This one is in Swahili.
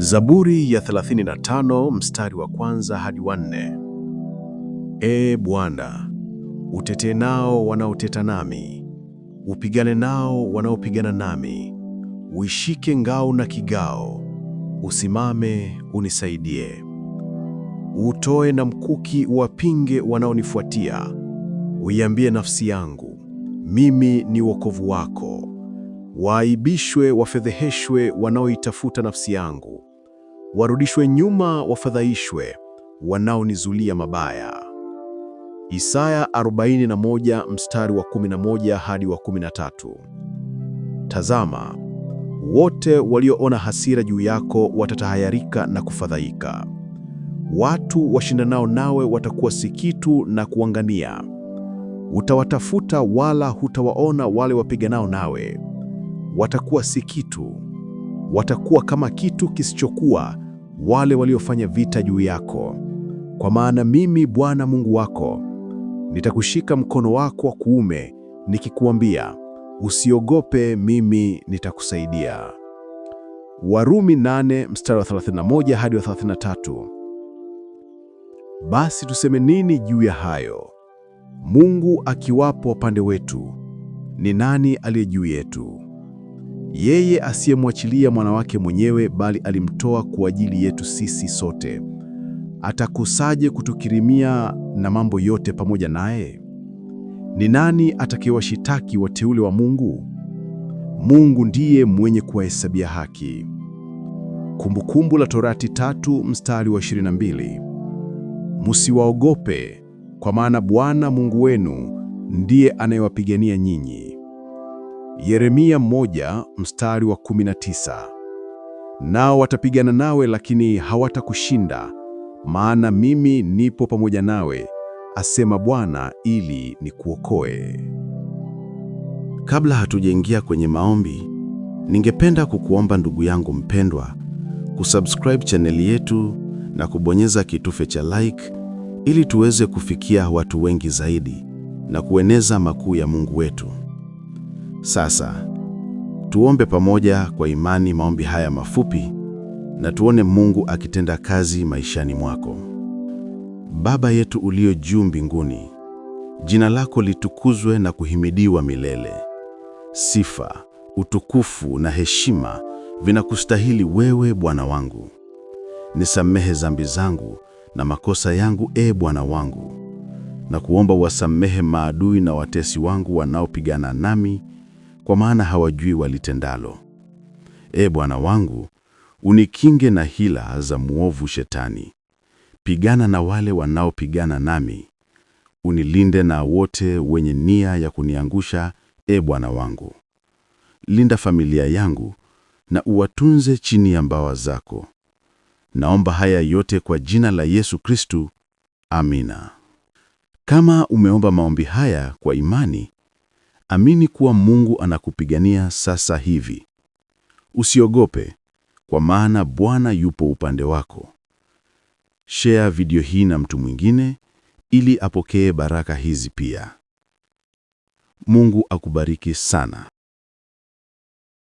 Zaburi ya 35 mstari wa kwanza hadi wa nne. Ee Bwana, utetee nao wanaoteta nami, upigane nao wanaopigana nami, uishike ngao na kigao, usimame unisaidie. Utoe na mkuki uwapinge wanaonifuatia, uiambie nafsi yangu, mimi ni wokovu wako. Waaibishwe wafedheheshwe wanaoitafuta nafsi yangu warudishwe nyuma, wafadhaishwe wanaonizulia mabaya. Isaya 41 mstari wa 11 hadi wa 13. Tazama, wote walioona hasira juu yako watatahayarika na kufadhaika. Watu washindanao nawe watakuwa si kitu na kuangania. Utawatafuta wala hutawaona wale wapiganao nawe, watakuwa si kitu watakuwa kama kitu kisichokuwa, wale waliofanya vita juu yako. Kwa maana mimi Bwana Mungu wako nitakushika mkono wako wa kuume, nikikuambia usiogope, mimi nitakusaidia. Warumi 8 mstari wa 31 hadi wa 33. Basi tuseme nini juu ya hayo? Mungu akiwapo upande wetu, ni nani aliye juu yetu? yeye asiyemwachilia mwanawake mwenyewe, bali alimtoa kwa ajili yetu sisi sote, atakosaje kutukirimia na mambo yote pamoja naye? Ni nani atakayewashitaki wateule wa Mungu? Mungu ndiye mwenye kuwahesabia haki. Kumbukumbu la Torati tatu mstari wa 22. Musiwaogope, kwa maana Bwana Mungu wenu ndiye anayewapigania nyinyi. Yeremia moja mstari wa 19, nao watapigana nawe lakini hawatakushinda, maana mimi nipo pamoja nawe, asema Bwana, ili nikuokoe. Kabla hatujaingia kwenye maombi, ningependa kukuomba ndugu yangu mpendwa kusubscribe chaneli yetu na kubonyeza kitufe cha like ili tuweze kufikia watu wengi zaidi na kueneza makuu ya Mungu wetu. Sasa tuombe pamoja kwa imani maombi haya mafupi na tuone Mungu akitenda kazi maishani mwako. Baba yetu ulio juu mbinguni, jina lako litukuzwe na kuhimidiwa milele. Sifa, utukufu na heshima vinakustahili wewe, Bwana wangu. Nisamehe dhambi zangu na makosa yangu, e Bwana wangu, na kuomba wasamehe maadui na watesi wangu wanaopigana nami kwa maana hawajui walitendalo. E Bwana wangu, unikinge na hila za mwovu Shetani. Pigana na wale wanaopigana nami, unilinde na wote wenye nia ya kuniangusha. E Bwana wangu, linda familia yangu na uwatunze chini ya mbawa zako. Naomba haya yote kwa jina la Yesu Kristu, amina. Kama umeomba maombi haya kwa imani, Amini kuwa Mungu anakupigania sasa hivi. Usiogope, kwa maana Bwana yupo upande wako. Share video hii na mtu mwingine ili apokee baraka hizi pia. Mungu akubariki sana.